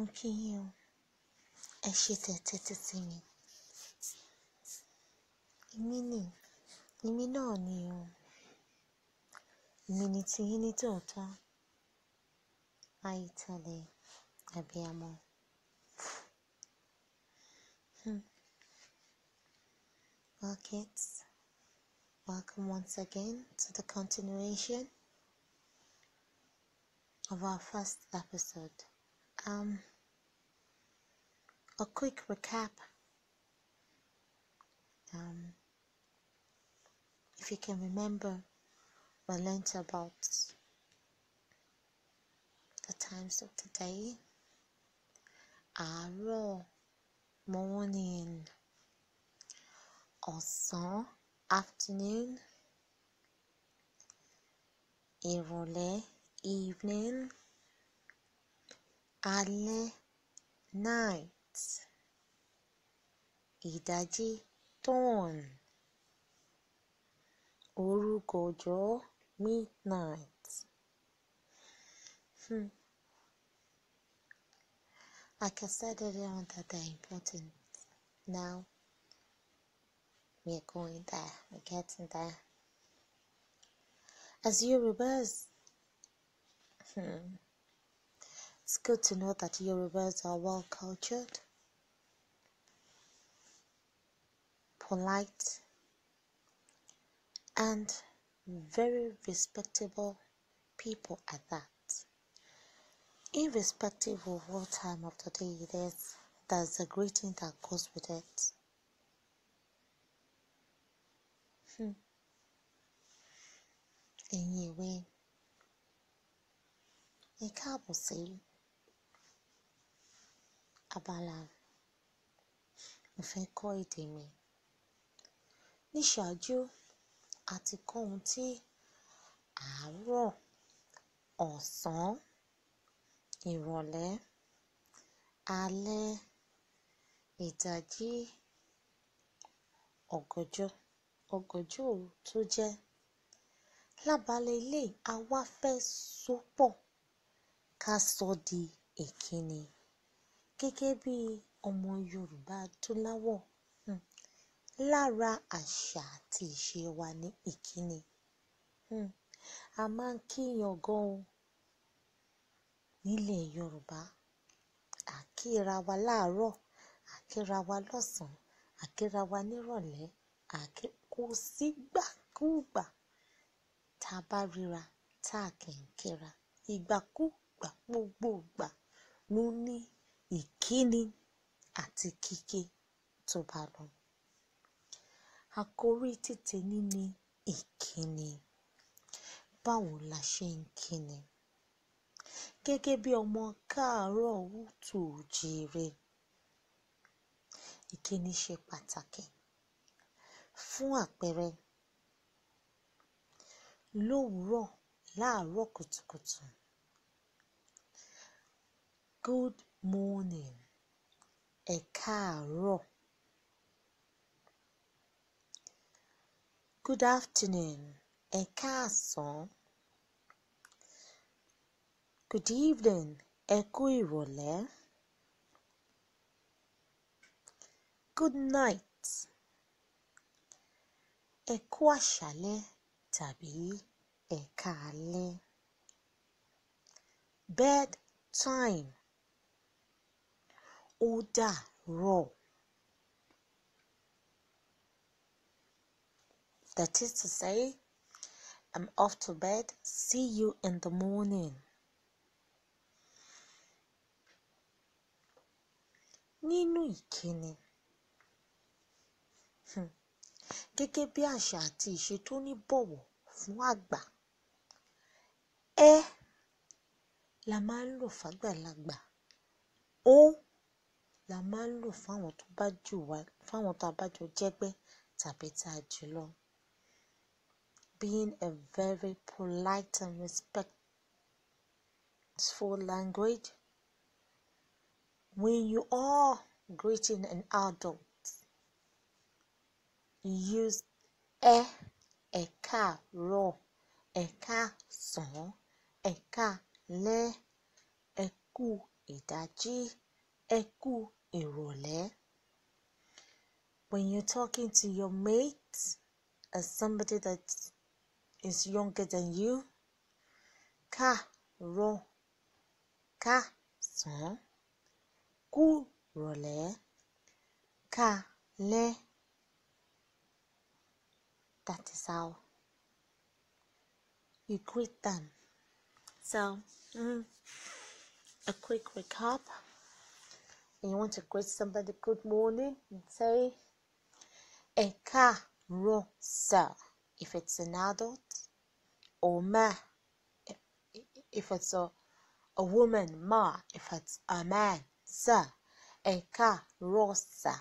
mo kí yín o ẹ ṣe tẹ̀tẹ̀ títí mi èmi ni èmi náà ni o èmi ni tiyín ní tòótọ́ Ayọ̀tẹ́lẹ̀ abiyamọ. Hmm. Well, kids, welcome once again to the continuation of our first episode. Um, a quick recap. Um, if you can remember, we learned about the times of the day, hour, morning, also afternoon, ìrọ̀lẹ́, evening. All night ìdájí dawn òru gànjọ́ midnight hmm. I can say on that they're important now we're going there we're getting there as Yorubas hmm it's good to know that Yorubas are well cultured, polite, and very respectable people at that. Irrespective of what time of the day it is, there's a greeting that goes with it. Hmm. Anyway, it can't abala mo fẹ́ kọ́ èdè mi. Ní ṣáájú, a ti kọ́ ohun tí àárọ̀, ọ̀sán, ìrọ̀lẹ́, alẹ́, ìdájí, ọ̀gànjọ́, ọ̀gànjọ́ òru tó jẹ́. Lábala eléyìí, a wá fẹ́ sopọ̀ ká sọ di èkínní gẹ́gẹ́ bí ọmọ yorùbá adúláwọ̀ um hmm, lára àṣà àti ìṣe wa ní ìkíni um a máa ń kíyàn gan o nílẹ̀ yorùbá à kíra wa láàárọ̀ à kíra wa lọ́sàn-án à wa nírọ̀lẹ́ àkí kò sígbàkúgbà tá a bá ríra tá a kì í kíra ìgbàkúgbà gbogbo ìgbà ló ní ìkíni àti kíkí tó bá lọ. Àkórí ti tèní ni ìkíni. Báwo la ṣe ń kíni? Gẹ́gẹ́ bí ọmọ káàárọ̀ òwútò òjìire, ìkíni ṣe pàtàkì. Fún àpẹẹrẹ, l'òwúrọ̀ láàárọ̀ kùtùkùtù. Good morning, ẹ káàárọ̀. Good afternoon, A car song. Good evening, A kú ìrọ̀lẹ́. Good night, A kú àṣálẹ́ tàbí a káalẹ́. Bed time. Ó dàárọ̀ that is to say I'm off to bed see you in the morning. nínú ìkíni hmm, gẹ́gẹ́ bí àṣà àti ìṣe tó ní bọ̀wọ̀ fún àgbà ẹ la máa ń lò fàgbàlagbà ó la máa ń lò fáwọn tá a bá jọ jẹ́gbẹ́ tàbí tá a jù lọ. Being a very polite and respectful language when you are greeting an adult use ẹ ẹ káàárọ̀ ẹ káàsán ẹ káalẹ́ ẹ kú ìdájí. Eku Irole. When you're talking to your mate as somebody that is younger than you, Ka Ro Ka Son Ku Role Ka Le. That is how you greet them. So, mm, a quick recap you want to greet somebody good morning and say Ekarosa if it's an adult or ma if it's a, a woman ma if it's a man sa Ekarosa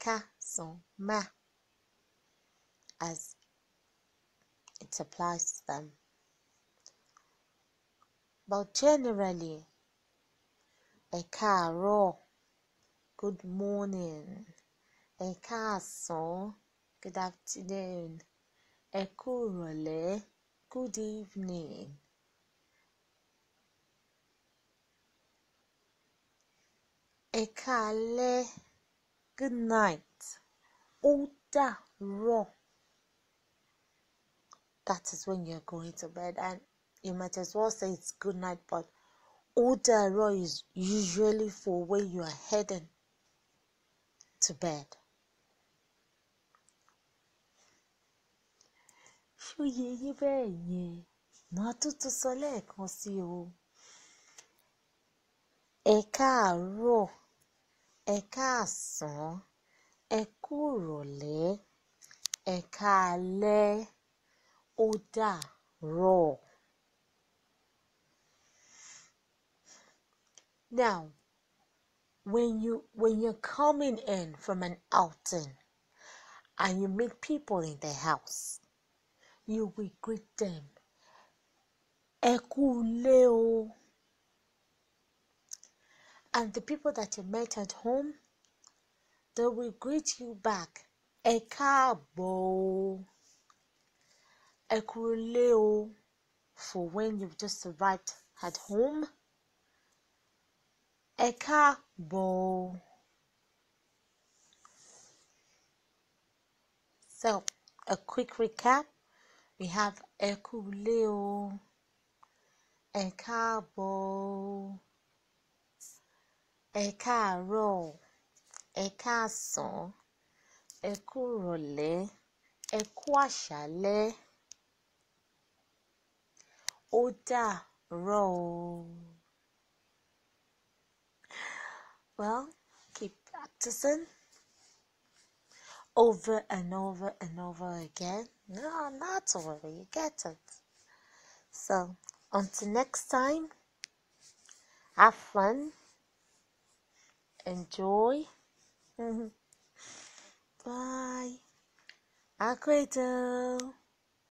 car son ma as it applies to them. But generally, a káàárọ̀, good morning. a káàsán, good afternoon. a kú good evening. a káalẹ́, good night. Ó dàárọ̀. That is when you're going to bed, and you might as well say it's good night, but Udaro is usually for when you are heading to bed. ṣó yẹ yé bẹ́ẹ̀ yẹn màá tún tún sọ lẹ́ẹ̀kan sí o ẹ káàárọ̀ ẹ káàsán ẹ kú ìrọ̀lẹ́ ẹ káalẹ́ ó dàárọ̀. Now, when you when you're coming in from an outing and you meet people in the house, you will greet them. Ekuleo. And the people that you met at home, they will greet you back. Ekabo. Ekuleo. For when you have just arrived at home ẹ káàbọ̀ o. So, a quick recap. We have ẹ kú ilé o, ẹ káàbọ̀ o, ẹ káàárọ̀, ẹ káàsán, ẹ kú ìrọ̀lẹ́, ẹ kú àṣálẹ́, ó dàárọ̀ o. Well, keep practicing over and over and over again. No, not to worry, you get it. So, until next time, have fun, enjoy. Bye. Aguedo.